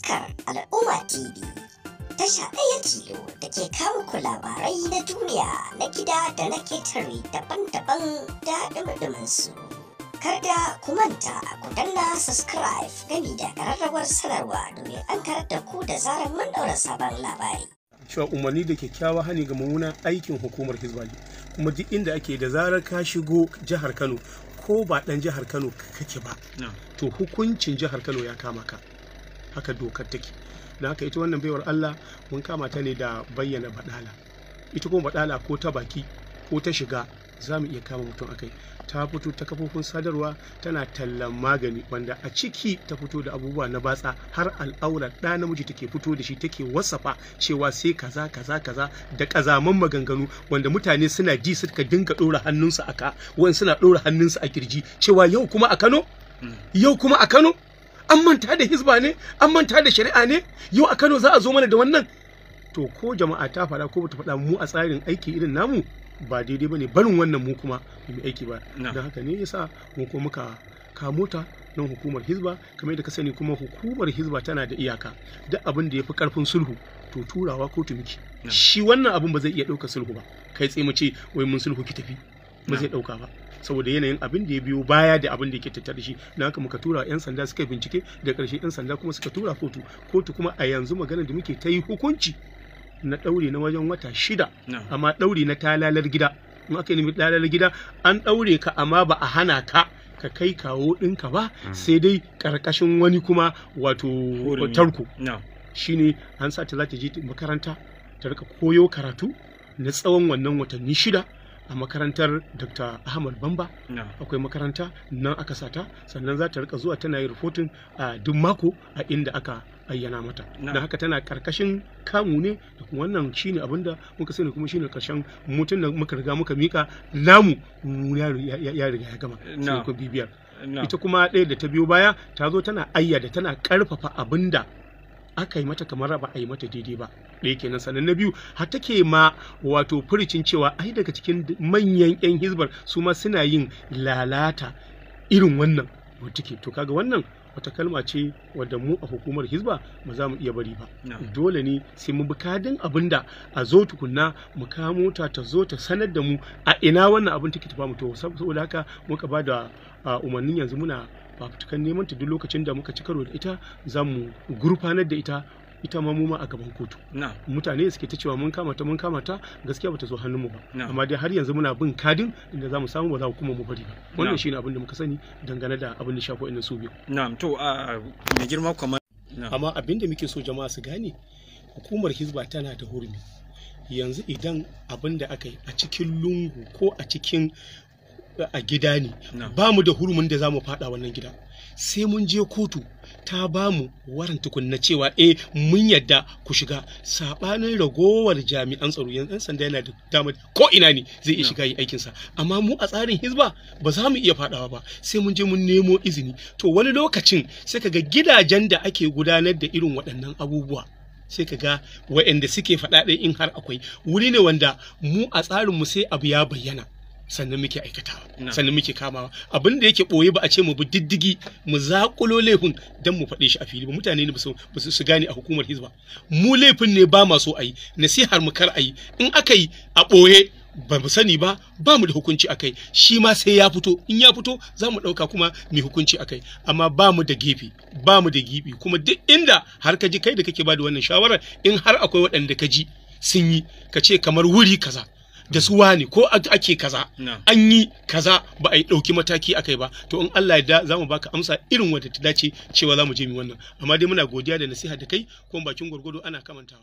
taskar al'umma tv tasha ɗaya tilo da ke kawo ku labarai na duniya na gida da na ketare daban-daban da ɗumɗumin su kada ku manta ku danna subscribe gami da ƙararrawar sanarwa domin an karar da ku da zarar mun ɗaura sabon labari cewa umarni da kyakkyawa hani ga mummunan aikin hukumar hizbali kuma duk inda ake da zarar ka shigo jihar kano ko ba ɗan jihar Kano kake ba to hukuncin jihar Kano ya kama ka Aka dokar take da haka ita wannan baiwar Allah mun kama ta ne da bayyana badala ita kuma badala ko ta baki ko ta shiga za mu iya kama mutum akai ta fito ta kafofin sadarwa tana tallan magani wanda a ciki ta fito da abubuwa na batsa har al'aura ɗa namiji take fito da shi take wasafa cewa sai kaza kaza kaza da kazaman maganganu wanda mutane suna ji suka dinga ɗora hannunsu a wani suna ɗora hannunsu a kirji cewa yau kuma a kano mm. yau kuma a kano an manta da hizba ne an manta da shari'a ne yau a Kano za a zo mana da wannan to ko jama'a ta faɗa ko bata faɗa mu a tsarin aiki irin namu ba daidai bane barin wannan mu kuma mu aiki ba don haka ne yasa mu kuma muka kamo ta hukumar hizba kamar yadda ka sani kuma hukumar hizba tana da iyaka duk abin da ya fi karfin sulhu to turawa ko tumiki shi wannan abin ba zai iya ɗaukar sulhu ba kai tsaye mu ce wai mun sulhu ki tafi ba zai ɗauka ba saboda yanayin abin da ya biyo baya da abin da yake tattare shi na haka muka tura yan sanda suka bincike da karshe yan sanda kuma suka tura kotu kotu kuma a yanzu magana da muke ta yi hukunci na ɗaure na wajen wata shida amma ɗaure na talalar gida in aka nemi talalar gida an ɗaure ka amma ba a hana ka ka kai kawo ɗinka ba mm. sai dai ƙarƙashin wani kuma wato tarko shine an sa ta za ta je makaranta ta rika koyo karatu na tsawon wannan watanni shida a makarantar dr ahmad bamba akwai makaranta nan aka sata sannan za ta rika zuwa tana yi rufotin a duk mako a inda aka ayyana mata don haka tana karkashin kamu ne da kuma wannan shine abinda muka sani kuma shine karshen mutum da muka riga muka mika namu ya riga ya gama sai ku bibiyar ita kuma ɗaya da ta biyo baya ta zo tana ayyada tana karfafa abinda aka yi mata kamar ba a yi mata daidai ba ɗaya kenan sannan na biyu har take ma wato furicin cewa ai daga cikin manyan 'yan hizbar su ma suna yin lalata irin wannan to kaga wannan wata kalma ce wadda mu a hukumar hizba ba za mu iya bari ba dole ne sai mu bi kadin abin da a zo tukunna mu kamo ta ta zo ta sanar da mu a ina wannan abin take tafa mu to saboda haka muka ba da umarnin yanzu muna fafutukan neman ta duk lokacin da muka ci karo da ita za mu gurfanar da ita ita ma mu ma a gaban kotu mutane suke ta cewa mun kama ta mun kama ta gaskiya bata zo hannun mu ba amma dai har yanzu muna bin kadin inda zamu samu ba za kuma mu bari ba wannan shine abin da muka sani dangane da abin da shafo inda su biyu na'am to a mai girma kamar amma abin da muke so jama'a su gane hukumar hizba tana da hurumi yanzu idan abin da aka yi a cikin lungu ko a cikin a gida ne ba mu da hurumin da za mu faɗa wannan gida sai mun je kotu ta ba mu waran tukunna cewa eh mun yadda ku shiga sabanin ragowar jami'an tsaro yanzu sanda yana da dama ko ina ne zai iya shiga yi aikinsa amma mu a tsarin hizba ba za mu iya faɗawa ba sai mun je mun nemo izini to wani lokacin sai kaga gidajen da ake gudanar da irin waɗannan abubuwa sai ka ga waɗanda suke faɗa in har akwai wuri ne wanda mu a tsarin mu sai abu ya bayyana sannan muke aikatawa sannan muke kamawa abin da yake ɓoye ba a ce mu bi diddigi mu zaƙulo laifin don mu faɗe shi a fili ba mutane ne ba su gane a hukumar hizba mu laifin ne ba masu ayi. a nasihar mu kar a yi in aka yi a ɓoye ba mu sani ba ba mu da hukunci akai shi ma sai ya fito in ya fito za mu ɗauka kuma mai hukunci akai amma ba mu da gefe ba mu da gibi kuma duk inda har ka ji kai da kake ba da wannan shawarar in har akwai waɗanda ka ji sun yi ka ce kamar wuri kaza da su wani ko ake kaza an yi kaza ba a yi ɗauki mataki a kai ba to in Allah ya za mu baka amsa irin wadda ta dace cewa za mu je mu wannan amma dai muna godiya da nasiha da kai kuma bakin gwargwado ana kamantawa